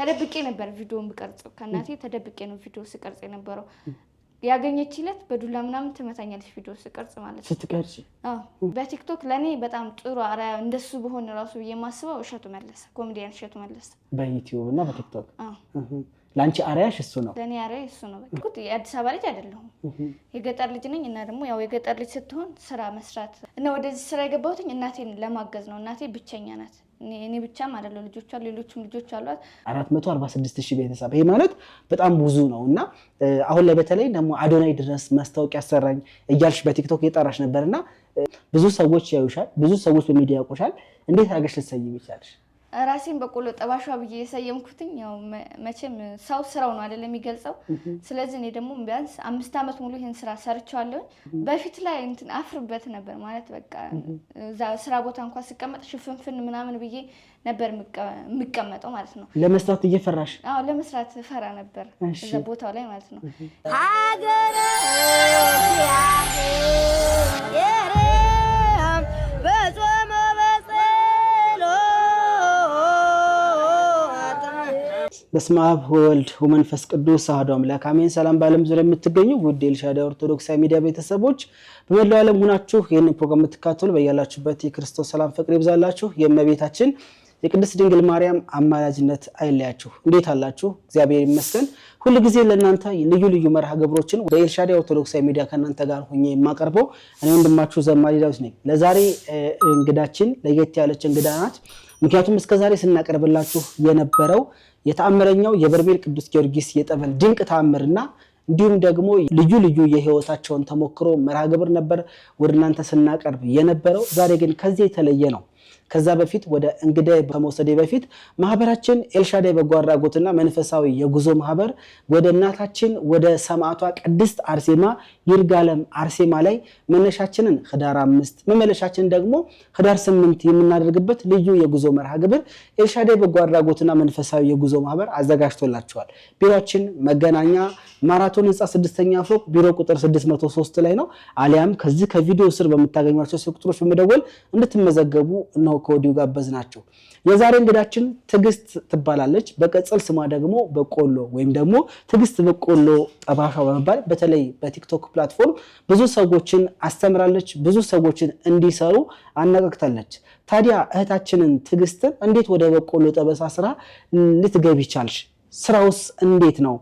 ተደብቄ ነበር ቪዲዮን ብቀርጸው ከእናቴ ተደብቄ ነው ቪዲዮ ስቀርጽ የነበረው። ያገኘች በዱላ ምናምን ትመታኛለች ቪዲዮ ስቀርጽ ማለት ነው። ስትቀርጽ በቲክቶክ ለእኔ በጣም ጥሩ አርአያ እንደሱ በሆነ ራሱ ብዬ የማስበው እሸቱ መለሰ፣ ኮሜዲያን እሸቱ መለሰ በዩቲዩብ እና በቲክቶክ ለአንቺ አርያሽ እሱ ነው፣ ለእኔ አርያ እሱ ነው። በኩት የአዲስ አበባ ልጅ አይደለሁም የገጠር ልጅ ነኝ። እና ደግሞ ያው የገጠር ልጅ ስትሆን ስራ መስራት እና ወደዚህ ስራ የገባሁትኝ እናቴን ለማገዝ ነው። እናቴ ብቸኛ ናት። እኔ ብቻም ልጆች አሉ፣ ሌሎችም ልጆች አሏት። 446 ሺህ ቤተሰብ ይሄ ማለት በጣም ብዙ ነው እና አሁን ላይ በተለይ ደግሞ አዶናይ ድረስ ማስታወቂያ ያሰራኝ እያልሽ በቲክቶክ እየጠራሽ ነበር እና ብዙ ሰዎች ያዩሻል፣ ብዙ ሰዎች በሚዲያ ያውቁሻል። እንዴት አድርገሽ ልትሰይም ይቻልሽ? ራሴን በቆሎ ጠባሿ ብዬ የሰየምኩትኝ ያው መቼም ሰው ስራው ነው አይደለም የሚገልጸው። ስለዚህ እኔ ደግሞ ቢያንስ አምስት ዓመት ሙሉ ይህን ስራ ሰርቸዋለሁኝ። በፊት ላይ እንትን አፍርበት ነበር ማለት በቃ እዛ ስራ ቦታ እንኳን ስቀመጥ ሽፍንፍን ምናምን ብዬ ነበር የምቀመጠው ማለት ነው። ለመስራት እየፈራሽ? አዎ ለመስራት ፈራ ነበር እዛ ቦታው ላይ ማለት ነው። በስመ አብ ወወልድ ወመንፈስ ቅዱስ አሐዱ አምላክ አሜን። ሰላም በዓለም ዙሪያ የምትገኙ ውድ ኤልሻዳይ ኦርቶዶክሳዊ ሚዲያ ቤተሰቦች በመላው ዓለም ሆናችሁ ይህንን ፕሮግራም የምትካተሉ በያላችሁበት የክርስቶስ ሰላም ፍቅር ይብዛላችሁ። የእመቤታችን የቅድስት ድንግል ማርያም አማላጅነት አይለያችሁ። እንዴት አላችሁ? እግዚአብሔር ይመስገን። ሁል ጊዜ ለእናንተ ልዩ ልዩ መርሃ ግብሮችን በኤልሻዳይ ኦርቶዶክሳዊ ሚዲያ ከእናንተ ጋር ሆኜ የማቀርበው እኔ ወንድማችሁ ዘማሪ ዳዊት ነኝ። ለዛሬ እንግዳችን ለየት ያለች እንግዳ ናት። ምክንያቱም እስከዛሬ ስናቀርብላችሁ የነበረው የተአምረኛው የበርሜል ቅዱስ ጊዮርጊስ የጠበል ድንቅ ተአምርና እንዲሁም ደግሞ ልዩ ልዩ የህይወታቸውን ተሞክሮ መርሃ ግብር ነበር ወደ እናንተ ስናቀርብ የነበረው። ዛሬ ግን ከዚህ የተለየ ነው። ከዛ በፊት ወደ እንግዳ ከመውሰዴ በፊት ማህበራችን ኤልሻዳይ በጎ አድራጎትና መንፈሳዊ የጉዞ ማህበር ወደ እናታችን ወደ ሰማዕቷ ቅድስት አርሴማ ይርጋለም አርሴማ ላይ መነሻችንን ህዳር አምስት መመለሻችን ደግሞ ህዳር ስምንት የምናደርግበት ልዩ የጉዞ መርሃ ግብር ኤልሻዳይ በጎ አድራጎትና መንፈሳዊ የጉዞ ማህበር አዘጋጅቶላቸዋል። ቢሮችን መገናኛ ማራቶን ህንፃ ስድስተኛ ፎቅ ቢሮ ቁጥር 603 ላይ ነው። አሊያም ከዚህ ከቪዲዮ ስር በምታገኟቸው ስልክ ቁጥሮች በመደወል እንድትመዘገቡ ነው ከወዲሁ ጋበዝ ናቸው። የዛሬ እንግዳችን ትዕግስት ትባላለች። በቅጽል ስሟ ደግሞ በቆሎ ወይም ደግሞ ትግስት በቆሎ ጠባሻ በመባል በተለይ በቲክቶክ ፕላትፎርም ብዙ ሰዎችን አስተምራለች፣ ብዙ ሰዎችን እንዲሰሩ አነቃቅታለች። ታዲያ እህታችንን ትዕግስትን እንዴት ወደ በቆሎ ጠበሳ ስራ ልትገቢ ቻልሽ? ስራውስ እንዴት ነው?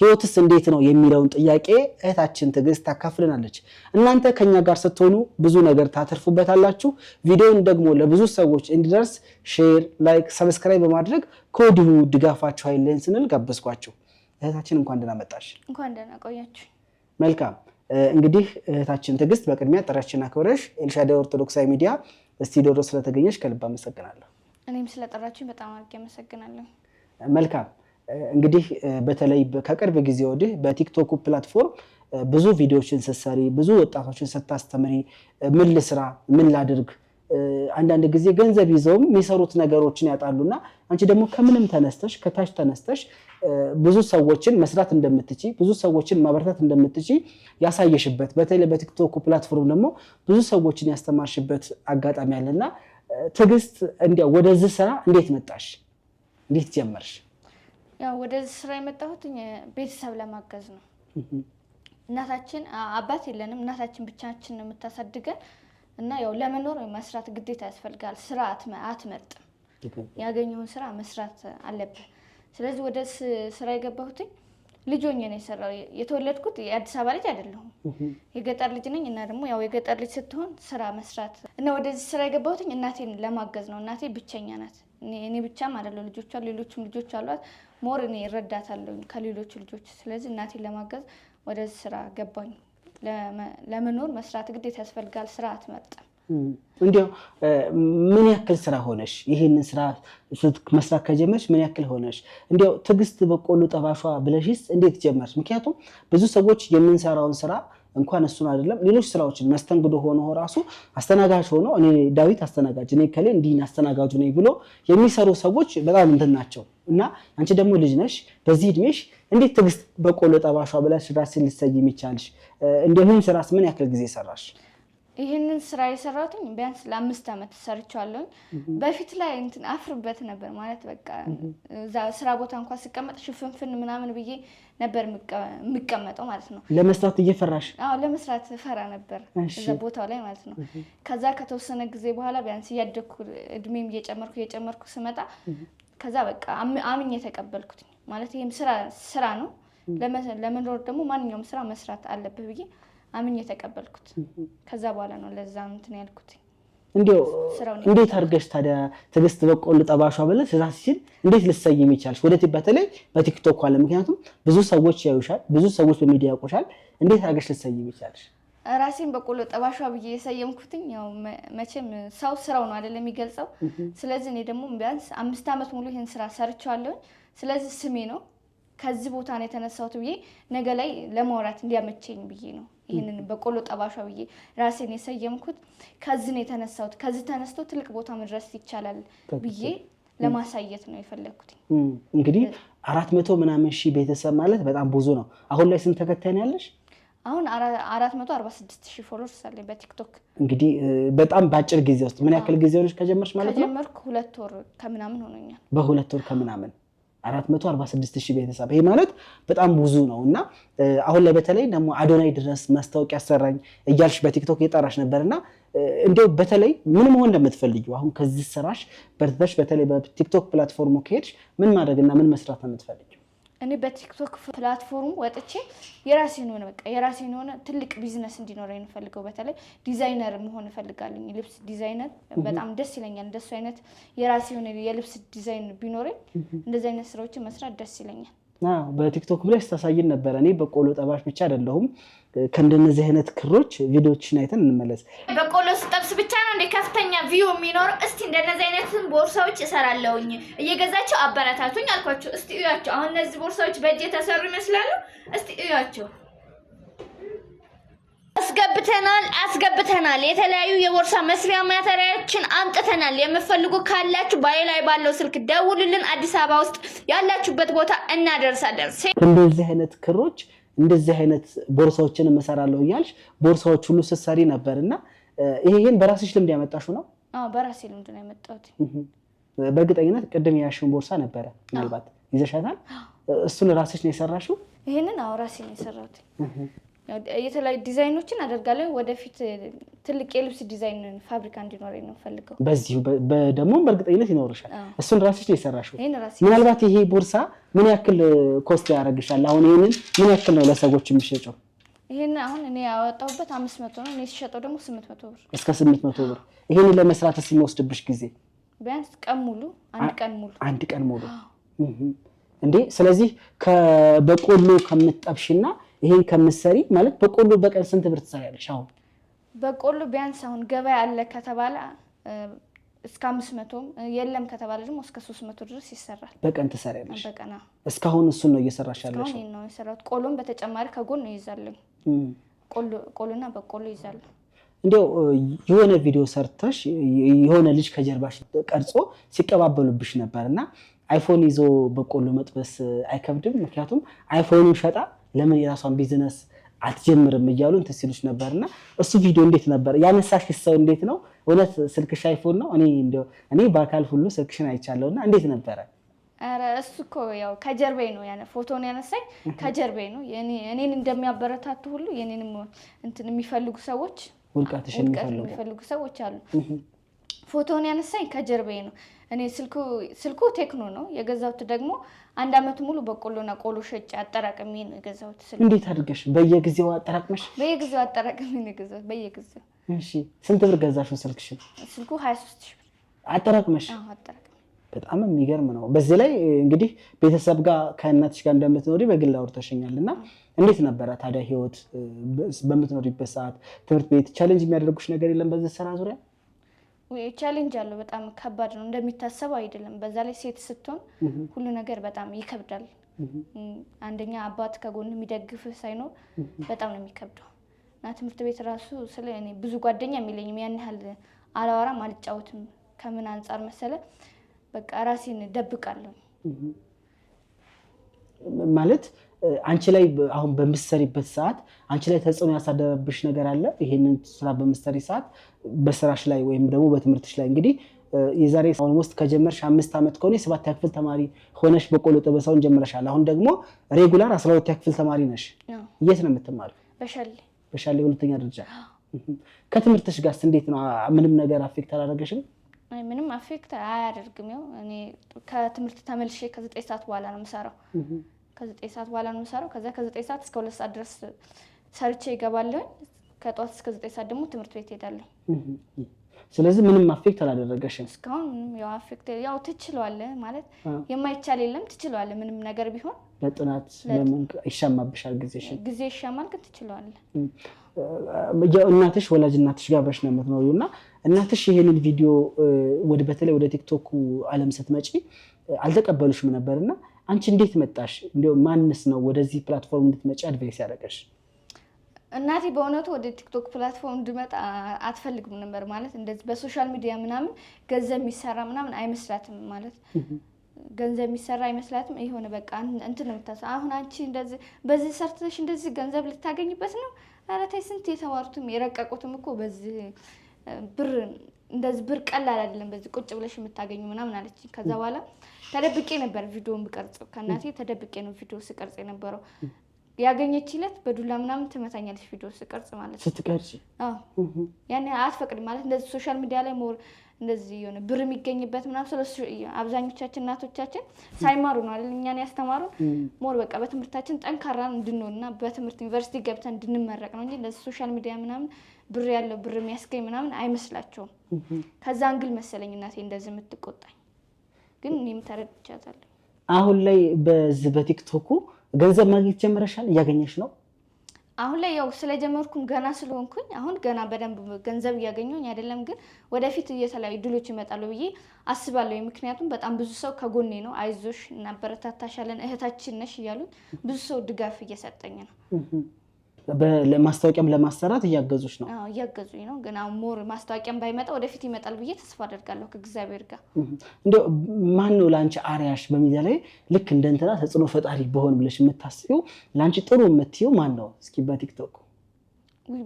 ህይወትስ እንዴት ነው የሚለውን ጥያቄ እህታችን ትዕግስት ታካፍልናለች። እናንተ ከኛ ጋር ስትሆኑ ብዙ ነገር ታተርፉበታላችሁ። ቪዲዮን ደግሞ ለብዙ ሰዎች እንዲደርስ ሼር፣ ላይክ፣ ሰብስክራይብ በማድረግ ከወዲሁ ድጋፋችሁ ኃይልን ስንል ጋበዝኳችሁ። እህታችን እንኳን ደህና መጣሽ። እንኳን ደህና ቆያችሁ። መልካም እንግዲህ እህታችን ትዕግስት በቅድሚያ ጥሪያችንን አክብረሽ ኤልሻዳይ ኦርቶዶክሳዊ ሚዲያ ስቱዲዮ ስለተገኘሽ ከልብ አመሰግናለሁ። እኔም ስለጠራችሁኝ በጣም አድርጌ አመሰግናለሁ። መልካም እንግዲህ በተለይ ከቅርብ ጊዜ ወዲህ በቲክቶክ ፕላትፎርም ብዙ ቪዲዮዎችን ስትሰሪ፣ ብዙ ወጣቶችን ስታስተምሪ፣ ምን ልስራ፣ ምን ላድርግ፣ አንዳንድ ጊዜ ገንዘብ ይዘውም የሚሰሩት ነገሮችን ያጣሉና አንቺ ደግሞ ከምንም ተነስተሽ ከታች ተነስተሽ ብዙ ሰዎችን መስራት እንደምትች ብዙ ሰዎችን ማበረታት እንደምትች ያሳየሽበት በተለይ በቲክቶክ ፕላትፎርም ደግሞ ብዙ ሰዎችን ያስተማርሽበት አጋጣሚ አለና ትዕግስት እንዲያ ወደዚህ ስራ እንዴት መጣሽ? እንዴት ጀመርሽ? ያው ወደዚህ ስራ የመጣሁት ቤተሰብ ለማገዝ ነው። እናታችን አባት የለንም። እናታችን ብቻችን ነው የምታሳድገን እና ያው ለመኖር መስራት ግዴታ ያስፈልጋል። ስራ አትመርጥም። ያገኘውን ስራ መስራት አለብህ። ስለዚህ ወደ ስራ የገባሁትኝ ልጆኝ ነው የሰራው። የተወለድኩት የአዲስ አበባ ልጅ አይደለሁም፣ የገጠር ልጅ ነኝ። እና ደግሞ ያው የገጠር ልጅ ስትሆን ስራ መስራት እና ወደዚህ ስራ የገባሁትኝ እናቴን ለማገዝ ነው። እናቴ ብቸኛ ናት። እኔ ብቻም አይደለም ልጆቿ ሌሎችም ልጆች አሏት። ሞር እኔ እረዳታለሁ ከሌሎች ልጆች። ስለዚህ እናቴን ለማገዝ ወደ ስራ ገባኝ። ለመኖር መስራት ግዴታ ያስፈልጋል። ስራ አትመርጥም። እንዲያው ምን ያክል ስራ ሆነሽ ይህንን ስራ መስራት ከጀመርሽ ምን ያክል ሆነሽ? እንዲያው ትዕግስት በቆሎ ጠባሿ ብለሽስ እንዴት ጀመርሽ? ምክንያቱም ብዙ ሰዎች የምንሰራውን ስራ እንኳን እሱን አይደለም ሌሎች ስራዎችን መስተንግዶ ሆኖ ራሱ አስተናጋጅ ሆኖ እኔ ዳዊት አስተናጋጅ እኔ ከሌ እንዲህ አስተናጋጁ ነኝ ብሎ የሚሰሩ ሰዎች በጣም እንትን ናቸው እና አንቺ ደግሞ ልጅ ነሽ፣ በዚህ እድሜሽ እንዴት ትዕግስት በቆሎ ጠባሿ ብለሽ ራስሽን ልትሰይም ይቻልሽ? እንዲሁም ስራስ ምን ያክል ጊዜ ሰራሽ? ይህንን ስራ የሰራሁትኝ ቢያንስ ለአምስት ዓመት ሰርቻለሁኝ። በፊት ላይ እንትን አፍርበት ነበር ማለት በቃ እዛ ስራ ቦታ እንኳ ስቀመጥ ሽፍንፍን ምናምን ብዬ ነበር የምቀመጠው ማለት ነው። ለመስራት እየፈራሽ? አዎ ለመስራት ፈራ ነበር እዛ ቦታው ላይ ማለት ነው። ከዛ ከተወሰነ ጊዜ በኋላ ቢያንስ እያደግኩ እድሜም እየጨመርኩ እየጨመርኩ ስመጣ ከዛ በቃ አምኜ የተቀበልኩትኝ ማለት ይህም ስራ ስራ ነው፣ ለመኖር ደግሞ ማንኛውም ስራ መስራት አለብህ ብዬ አምን የተቀበልኩት ከዛ በኋላ ነው ለዛ እንትን ያልኩት። እንዴት አድርገሽ ታዲያ ትዕግስት በቆሎ ጠባሿ ብለሽ እዛ ሲችል እንዴት ልትሰይም ይቻልሽ? ወደ በተለይ በቲክቶክ አለ። ምክንያቱም ብዙ ሰዎች ያዩሻል፣ ብዙ ሰዎች በሚዲያ ያውቁሻል። እንዴት አድርገሽ ልትሰይም ይቻልሽ? ራሴን በቆሎ ጠባሿ ብዬ የሰየምኩትኝ ያው መቼም ሰው ስራው ነው አይደለም የሚገልጸው። ስለዚህ እኔ ደግሞ ቢያንስ አምስት ዓመት ሙሉ ይህን ስራ ሰርቸዋለሁኝ። ስለዚህ ስሜ ነው ከዚህ ቦታ ነው የተነሳሁት ብዬ ነገ ላይ ለማውራት እንዲያመቸኝ ብዬ ነው ይህንን በቆሎ ጠባሿ ብዬ ራሴን የሰየምኩት ከዚህ ነው የተነሳሁት። ከዚህ ተነስቶ ትልቅ ቦታ መድረስ ይቻላል ብዬ ለማሳየት ነው የፈለግኩት። እንግዲህ አራት መቶ ምናምን ሺህ ቤተሰብ ማለት በጣም ብዙ ነው። አሁን ላይ ስንት ተከታይ ነው ያለሽ? አሁን አራት መቶ አርባ ስድስት ሺህ ፎሎወርስ ሳለኝ በቲክቶክ። እንግዲህ በጣም በአጭር ጊዜ ውስጥ ምን ያክል ጊዜ ሆነች ከጀመርሽ ማለት ነው? ከጀመርኩ ሁለት ወር ከምናምን ሆኖኛል። በሁለት ወር ከምናምን 446 ሺህ ቤተሰብ ይሄ ማለት በጣም ብዙ ነው እና አሁን ላይ በተለይ ደግሞ አዶናይ ድረስ ማስታወቂያ ያሰራኝ እያልሽ በቲክቶክ እየጠራሽ ነበር እና እንዲያው በተለይ ምን መሆን እንደምትፈልጊው አሁን ከዚህ ስራሽ በርትተሽ በተለይ በቲክቶክ ፕላትፎርሙ ከሄድሽ ምን ማድረግና ምን መስራት ነው የምትፈልጊው? እኔ በቲክቶክ ፕላትፎርም ወጥቼ የራሴን የሆነ በቃ የራሴን የሆነ ትልቅ ቢዝነስ እንዲኖረ የምፈልገው በተለይ ዲዛይነር መሆን እፈልጋለኝ። ልብስ ዲዛይነር በጣም ደስ ይለኛል። እንደሱ አይነት የራሴ የሆነ የልብስ ዲዛይን ቢኖረኝ እንደዚህ አይነት ስራዎችን መስራት ደስ ይለኛል። በቲክቶክ ላይ ስታሳይን ነበረ። እኔ በቆሎ ጠባሽ ብቻ አይደለሁም። ከእንደነዚህ አይነት ክሮች ቪዲዮችን አይተን እንመለስ። በቆሎ ስጠብስ ብቻ ነው እንደ ከፍተኛ ቪው የሚኖረው። እስቲ እንደነዚህ አይነትን ቦርሳዎች እሰራለሁኝ እየገዛቸው አበረታቱኝ አልኳቸው። እስቲ እያቸው አሁን እነዚህ ቦርሳዎች በእጅ የተሰሩ ይመስላሉ። እስቲ እያቸው አስገብተናል አስገብተናል። የተለያዩ የቦርሳ መስሪያ ማተሪያዎችን አምጥተናል። የምፈልጉ ካላችሁ ባይ ላይ ባለው ስልክ ደውሉልን። አዲስ አበባ ውስጥ ያላችሁበት ቦታ እናደርሳለን። እንደዚህ አይነት ክሮች እንደዚህ አይነት ቦርሳዎችን እሰራለሁ እያልሽ ቦርሳዎች ሁሉ ስትሰሪ ነበር እና ይሄን በራስሽ ልምድ ያመጣሹ ነው? በራሴ ልምድ ነው ያመጣሁት። በእርግጠኝነት ቅድም ያሽን ቦርሳ ነበረ ምናልባት ይዘሻታል። እሱን ራስሽ ነው የሰራሽው? ይሄንን አዎ ራሴ ነው የሰራሁት። የተለያዩ ዲዛይኖችን አደርጋለሁ። ወደፊት ትልቅ የልብስ ዲዛይን ፋብሪካ እንዲኖር ነው ፈልገው። በዚሁ ደግሞ በእርግጠኝነት ይኖርሻል። እሱን ራስሽ ነው የሰራሽው? ምናልባት ይሄ ቦርሳ ምን ያክል ኮስት ያደርግሻል? አሁን ይህንን ምን ያክል ነው ለሰዎች የሚሸጨው? ይሄን አሁን እኔ ያወጣሁበት አምስት መቶ ነው። እኔ ሲሸጠው ደግሞ ስምንት መቶ ብር እስከ ስምንት መቶ ብር። ይሄን ለመስራት የሚወስድብሽ ጊዜ ቢያንስ ቀን ሙሉ አንድ ቀን ሙሉ አንድ ቀን ሙሉ እንዴ! ስለዚህ በቆሎ ከምትጠብሽና ይሄን ከምትሰሪ ማለት በቆሎ በቀን ስንት ብር ትሰሪያለሽ? አሁን በቆሎ ቢያንስ አሁን ገበያ አለ ከተባለ እስከ አምስት የለም ከተባለ ደግሞ እስከ ሶስት መቶ ድረስ ይሰራል። በቀን ትሰሪያለሽ? በቀን እስካሁን እሱን ነው እየሰራሽ ያለሽ? ነው የሰራሁት። ቆሎም በተጨማሪ ከጎን ነው ይዛለኝ ቆሎና በቆሎ ይዛሉ። እንዲያው የሆነ ቪዲዮ ሰርተሽ የሆነ ልጅ ከጀርባሽ ቀርጾ ሲቀባበሉብሽ ነበር እና አይፎን ይዞ በቆሎ መጥበስ አይከብድም? ምክንያቱም አይፎኑን ሸጣ ለምን የራሷን ቢዝነስ አትጀምርም እያሉ እንትን ሲሉሽ ነበር እና እሱ ቪዲዮ እንዴት ነበር ያነሳሽ? ሰው እንዴት ነው እውነት ስልክሽ አይፎን ነው? እኔ በአካል ሁሉ ስልክሽን አይቻለሁ እና እንዴት ነበረ እሱ እኮ ያው ከጀርባዬ ነው ያነ ፎቶን ያነሳኝ ከጀርባዬ ነው። እኔን እንደሚያበረታቱ ሁሉ የኔንም እንትን የሚፈልጉ ሰዎች ውድቀትሽን የሚፈልጉ ሰዎች አሉ። ፎቶን ያነሳኝ ከጀርባዬ ነው። እኔ ስልኩ ቴክኖ ነው የገዛሁት። ደግሞ አንድ አመት ሙሉ በቆሎና ቆሎ ሸጭ አጠራቅሜ ነው የገዛሁት። እንዴት አድርገሽ? በየጊዜው አጠራቅመሽ? በየጊዜው አጠራቅሜ ነው የገዛሁት። በየጊዜው። እሺ፣ ስንት ብር ገዛሽው ስልክሽን? ስልኩ ሀያ ሶስት ሺህ ብር አጠራቅመሽ በጣም የሚገርም ነው። በዚህ ላይ እንግዲህ ቤተሰብ ጋር ከእናትሽ ጋር እንደምትኖሪ በግል አውርተሽኛል እና እንዴት ነበረ ታዲያ ህይወት በምትኖሪበት ሰዓት ትምህርት ቤት ቻሌንጅ የሚያደርጉሽ ነገር የለም? በዚህ ስራ ዙሪያ ቻሌንጅ አለው። በጣም ከባድ ነው፣ እንደሚታሰበው አይደለም። በዛ ላይ ሴት ስትሆን ሁሉ ነገር በጣም ይከብዳል። አንደኛ አባት ከጎን የሚደግፍ ሳይኖር በጣም ነው የሚከብደው እና ትምህርት ቤት ራሱ ስለ እኔ ብዙ ጓደኛ የሚለኝም ያን ያህል አላወራም፣ አልጫወትም ከምን አንጻር መሰለ በቃ ራሴን ደብቃለሁ። ማለት አንቺ ላይ አሁን በምሰሪበት ሰዓት አንቺ ላይ ተጽዕኖ ያሳደረብሽ ነገር አለ? ይሄንን ስራ በምሰሪ ሰዓት በስራሽ ላይ ወይም ደግሞ በትምህርትሽ ላይ እንግዲህ የዛሬ ኦልሞስት ከጀመርሽ አምስት ዓመት ከሆነ የሰባት ክፍል ተማሪ ሆነሽ በቆሎ ጠበሳውን ጀምረሻል። አሁን ደግሞ ሬጉላር አስራ ሁለት ክፍል ተማሪ ነሽ። የት ነው የምትማሪው? በሻሌ በሻሌ ሁለተኛ ደረጃ። ከትምህርትሽ ጋርስ እንዴት ነው? ምንም ነገር አፌክት አላደረገሽም? ምንም አፌክት አያደርግም። ያው እኔ ከትምህርት ተመልሼ ከዘጠኝ ሰዓት በኋላ ነው የምሰራው። ከዘጠኝ ሰዓት በኋላ ነው የምሰራው። ከዛ ከዘጠኝ ሰዓት እስከ ሁለት ሰዓት ድረስ ሰርቼ ይገባለሁ። ከጠዋት እስከ ዘጠኝ ሰዓት ደግሞ ትምህርት ቤት ሄዳለሁ። ስለዚህ ምንም አፌክት አላደረገሽም እስካሁን? ምንም ያው አፌክት ያው ትችለዋለህ ማለት የማይቻል የለም ትችለዋለህ። ምንም ነገር ቢሆን ለጥናት ለምን ይሻማብሻል፣ ጊዜሽ ጊዜ ይሻማል፣ ግን ትችለዋለህ። እናትሽ ወላጅ እናትሽ ጋር አብረሽ ነው የምትኖሪው እና እናትሽ ይሄንን ቪዲዮ ወደ በተለይ ወደ ቲክቶኩ ዓለም ስትመጪ አልተቀበሉሽም ነበር እና አንቺ እንዴት መጣሽ? እንዲያው ማንስ ነው ወደዚህ ፕላትፎርም እንድትመጪ አድቬስ ያደረገሽ? እናቴ በእውነቱ ወደ ቲክቶክ ፕላትፎርም እንድመጣ አትፈልግም ነበር። ማለት እንደዚህ በሶሻል ሚዲያ ምናምን ገንዘብ የሚሰራ ምናምን አይመስላትም ማለት ገንዘብ የሚሰራ አይመስላትም። የሆነ በቃ እንትን ነው የምታስበው። አሁን አንቺ እንደዚህ በዚህ ሰርተሽ እንደዚህ ገንዘብ ልታገኝበት ነው? ኧረ ተይ፣ ስንት የተማሩትም የረቀቁትም እኮ በዚህ ብር እንደዚህ ብር ቀላል አይደለም፣ በዚህ ቁጭ ብለሽ የምታገኙ ምናምን አለች። ከዛ በኋላ ተደብቄ ነበር ቪዲዮን ብቀርጽ ከእናቴ ተደብቄ ነው ቪዲዮ ስቀርጽ የነበረው። ያገኘች ይለት በዱላ ምናምን ትመታኛለች፣ ቪዲዮ ስቀርጽ ማለት ስትቀርጽ ያን አትፈቅድም ማለት እንደዚህ ሶሻል ሚዲያ ላይ ሞር እንደዚህ የሆነ ብር የሚገኝበት ምናምን ስለ አብዛኞቻችን እናቶቻችን ሳይማሩ ነው አይደል እኛን ያስተማሩ ሞር በቃ በትምህርታችን ጠንካራ እንድንሆንና በትምህርት ዩኒቨርሲቲ ገብተን እንድንመረቅ ነው እንጂ እንደዚህ ሶሻል ሚዲያ ምናምን ብር ያለው ብር የሚያስገኝ ምናምን አይመስላቸውም። ከዛ አንግል መሰለኝ እናቴ እንደዚህ የምትቆጣኝ፣ ግን እኔም ተረድቻታለሁ። አሁን ላይ በዚህ በቲክቶኩ ገንዘብ ማግኘት ጀምረሻል? እያገኘሽ ነው? አሁን ላይ ያው ስለጀመርኩም ገና ስለሆንኩኝ አሁን ገና በደንብ ገንዘብ እያገኘሁኝ አይደለም፣ ግን ወደፊት የተለያዩ ድሎች ይመጣሉ ብዬ አስባለሁ። ምክንያቱም በጣም ብዙ ሰው ከጎኔ ነው፣ አይዞሽ እናበረታታሻለን፣ እህታችን ነሽ እያሉኝ ብዙ ሰው ድጋፍ እየሰጠኝ ነው። ማስታወቂያም ለማሰራት እያገዙች ነው እያገዙኝ ነው። ግን ሞር ማስታወቂያም ባይመጣ ወደፊት ይመጣል ብዬ ተስፋ አደርጋለሁ ከእግዚአብሔር ጋር። እንዲያው ማን ነው ለአንቺ አርያሽ በሚዲያ ላይ ልክ እንደ እንትና ተጽዕኖ ፈጣሪ በሆን ብለሽ የምታስቢው ለአንቺ ጥሩ የምትይው ማን ነው? እስኪ በቲክቶክ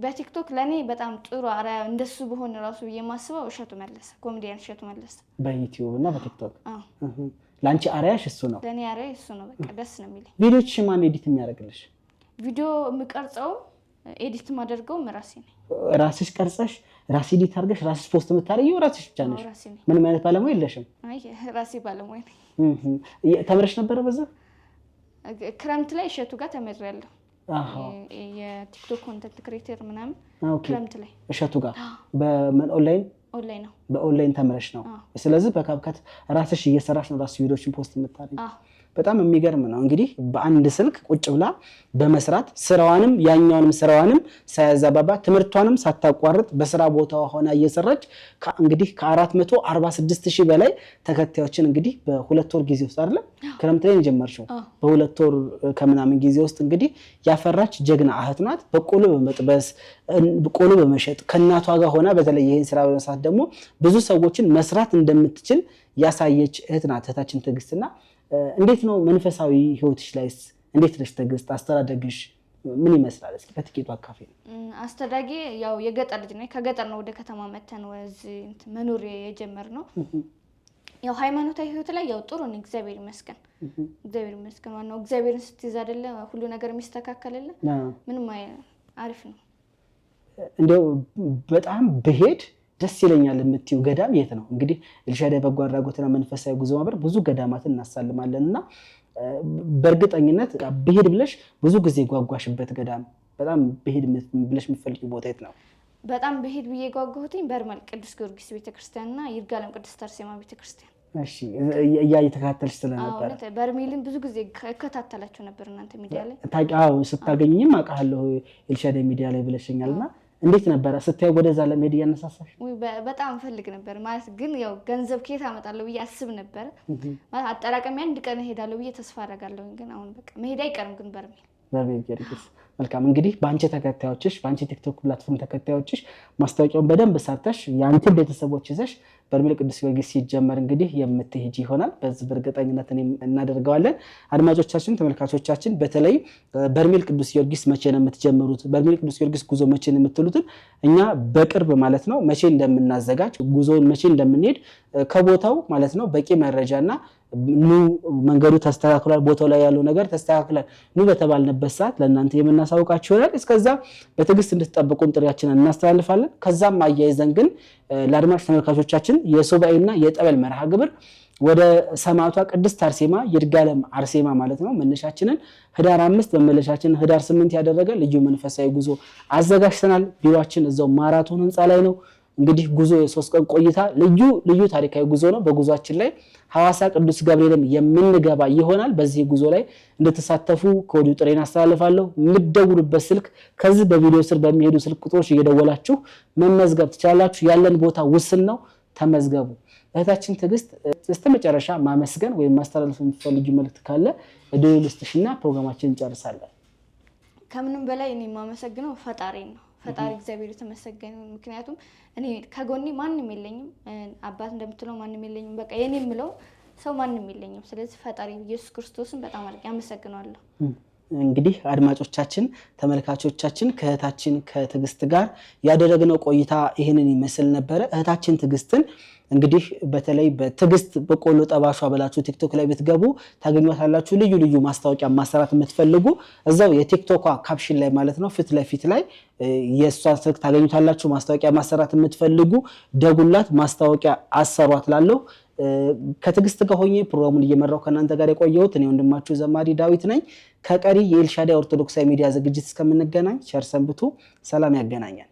በቲክቶክ ለእኔ በጣም ጥሩ አርያ እንደሱ በሆን ራሱ ብዬ የማስበው እሸቱ መለሰ፣ ኮሚዲያን እሸቱ መለሰ በዩቲዩብ እና በቲክቶክ ለአንቺ አርያሽ እሱ ነው። ለእኔ አርያ እሱ ነው። በቃ ደስ ነው የሚለኝ። ቪዲዮችሽ ማን ኤዲት የሚያደርግልሽ? ቪዲዮ የምቀርጸው ኤዲት ማደርገው ራሴ ነኝ። ራስሽ ቀርጸሽ ራሴ ኤዲት አድርገሽ ራስሽ ፖስት የምታደርጊው ራስሽ ብቻ ነሽ? ምንም አይነት ባለሙያ የለሽም? ራሴ ባለሙያ ነኝ። ተምረሽ ነበረ? በዛ ክረምት ላይ እሸቱ ጋር ተምሬያለሁ። የቲክቶክ ኮንተንት ክሬተር ምናምን ክረምት ላይ እሸቱ ጋር በምን ኦንላይን ኦንላይን ነው በኦንላይን ተምረሽ ነው። ስለዚህ በካፕካት ራስሽ እየሰራሽ ነው ራሱ ቪዲዮችን ፖስት የምታደርጊ በጣም የሚገርም ነው። እንግዲህ በአንድ ስልክ ቁጭ ብላ በመስራት ስራዋንም ያኛውንም ስራዋንም ሳያዛባባ ትምህርቷንም ሳታቋርጥ በስራ ቦታዋ ሆና እየሰራች እንግዲህ ከ446 ሺህ በላይ ተከታዮችን እንግዲህ በሁለት ወር ጊዜ ውስጥ አይደለም ክረምት ላይ የጀመርሽው በሁለት ወር ከምናምን ጊዜ ውስጥ እንግዲህ ያፈራች ጀግና እህት ናት። በቆሎ በመጥበስ ቆሎ በመሸጥ ከእናቷ ጋር ሆና በተለይ ይህን ስራ በመስራት ደግሞ ብዙ ሰዎችን መስራት እንደምትችል ያሳየች እህት ናት እህታችን ትዕግስትና። እንዴት ነው መንፈሳዊ ህይወትሽ ላይስ እንዴት ነሽ ትዕግስት? አስተዳደግሽ ምን ይመስላል? እስኪ በጥቂቱ አካፊ። ነው። አስተዳጌ ያው የገጠር ልጅ ነኝ። ከገጠር ነው ወደ ከተማ መተን ወዚህ መኖር የጀመር ነው። ያው ሃይማኖታዊ ህይወት ላይ ያው ጥሩ ነው። እግዚአብሔር ይመስገን፣ እግዚአብሔር ይመስገን። ዋናው እግዚአብሔርን ስትይዝ አይደለ ሁሉ ነገር የሚስተካከልልህ። ምንም አሪፍ ነው። እንዲያው በጣም ብሄድ ደስ ይለኛል የምትዩ ገዳም የት ነው? እንግዲህ ኤልሻዳይ በጎ አድራጎትና መንፈሳዊ ጉዞ ማህበር ብዙ ገዳማትን እናሳልማለን እና በእርግጠኝነት ብሄድ ብለሽ ብዙ ጊዜ ጓጓሽበት ገዳም በጣም ብሄድ ብለሽ የምትፈልጊው ቦታ የት ነው? በጣም ብሄድ ብዬ ጓጓሁትኝ በርመል ቅዱስ ጊዮርጊስ ቤተክርስቲያን እና ይርጋለም ቅዱስ አርሴማ ቤተክርስቲያን እያ እየተከታተልሽ ስለነበረ በርሜልን ብዙ ጊዜ እከታተላቸው ነበር። እናንተ ሚዲያ ላይ ታውቂ ስታገኝም አውቃለሁ ኤልሻዳይ ሚዲያ ላይ ብለሽኛል እና እንዴት ነበረ ስታዩ ወደዛ ለመሄድ እያነሳሳሽ? በጣም ፈልግ ነበር ማለት ግን ያው ገንዘብ ከየት አመጣለሁ ብዬ አስብ ነበረ። አጠራቀሚ አንድ ቀን እሄዳለሁ ብዬ ተስፋ አደርጋለሁ። ግን አሁን በቃ መሄድ አይቀርም ግን በርሜል በቤብ መልካም እንግዲህ በአንቺ ተከታዮችሽ በአንቺ ቲክቶክ ፕላትፎርም ተከታዮችሽ ማስታወቂያውን በደንብ ሰርተሽ የአንቺን ቤተሰቦች ይዘሽ በርሜል ቅዱስ ጊዮርጊስ ሲጀመር እንግዲህ የምትሄጂ ይሆናል። በዚህ በእርግጠኝነት እናደርገዋለን። አድማጮቻችን፣ ተመልካቾቻችን በተለይ በርሜል ቅዱስ ጊዮርጊስ መቼ ነው የምትጀምሩት? በርሜል ቅዱስ ጊዮርጊስ ጉዞ መቼ ነው የምትሉትን እኛ በቅርብ ማለት ነው መቼ እንደምናዘጋጅ ጉዞውን መቼ እንደምንሄድ ከቦታው ማለት ነው በቂ መረጃ እና ኑ መንገዱ ተስተካክሏል፣ ቦታው ላይ ያለው ነገር ተስተካክሏል፣ ኑ በተባልንበት ሰዓት ለእናንተ የምናሳውቃችሁ ይሆናል። እስከዛ በትዕግስት እንድትጠብቁን ጥሪያችንን እናስተላልፋለን። ከዛም አያይዘን ግን ለአድማጭ ተመልካቾቻችን የሱባኤና የጠበል መርሃ ግብር ወደ ሰማዕቷ ቅድስት አርሴማ ይድጋለም አርሴማ ማለት ነው። መነሻችንን ህዳር አምስት መመለሻችንን ህዳር ስምንት ያደረገ ልዩ መንፈሳዊ ጉዞ አዘጋጅተናል። ቢሮችን እዛው ማራቶን ህንፃ ላይ ነው። እንግዲህ ጉዞ የሶስት ቀን ቆይታ ልዩ ልዩ ታሪካዊ ጉዞ ነው። በጉዟችን ላይ ሐዋሳ ቅዱስ ገብርኤልም የምንገባ ይሆናል። በዚህ ጉዞ ላይ እንድትሳተፉ ከወዲሁ ጥሬን አስተላልፋለሁ። የምደውሉበት ስልክ ከዚህ በቪዲዮ ስር በሚሄዱ ስልክ ቁጥሮች እየደወላችሁ መመዝገብ ትችላላችሁ። ያለን ቦታ ውስን ነው። ተመዝገቡ። እህታችን ትዕግስት እስተ መጨረሻ ማመስገን ወይም ማስተላለፍ የምትፈልጊ መልክት ካለ እድሉ ልስጥሽና ፕሮግራማችን እንጨርሳለን። ከምንም በላይ እኔ የማመሰግነው ፈጣሪ ነው ፈጣሪ እግዚአብሔር የተመሰገነ። ምክንያቱም እኔ ከጎኔ ማንም የለኝም፣ አባት እንደምትለው ማንም የለኝም። በቃ የኔ የምለው ሰው ማንም የለኝም። ስለዚህ ፈጣሪ ኢየሱስ ክርስቶስን በጣም አድርጌ አመሰግናለሁ። እንግዲህ አድማጮቻችን፣ ተመልካቾቻችን ከእህታችን ከትዕግስት ጋር ያደረግነው ቆይታ ይህንን ይመስል ነበረ። እህታችን ትዕግስትን እንግዲህ በተለይ በትዕግስት በቆሎ ጠባሿ ብላችሁ ቲክቶክ ላይ ብትገቡ ታገኟታላችሁ። ልዩ ልዩ ማስታወቂያ ማሰራት የምትፈልጉ እዛው የቲክቶኳ ካፕሽን ላይ ማለት ነው ፊት ለፊት ላይ የእሷን ስልክ ታገኙታላችሁ። ማስታወቂያ ማሰራት የምትፈልጉ ደጉላት፣ ማስታወቂያ አሰሯት ላለው ከትዕግስት ጋር ሆኜ ፕሮግራሙን እየመራው ከእናንተ ጋር የቆየሁት እኔ ወንድማችሁ ዘማሪ ዳዊት ነኝ። ከቀሪ የኤልሻዳይ ኦርቶዶክሳዊ ሚዲያ ዝግጅት እስከምንገናኝ ቸር ሰንብቱ። ሰላም ያገናኛል።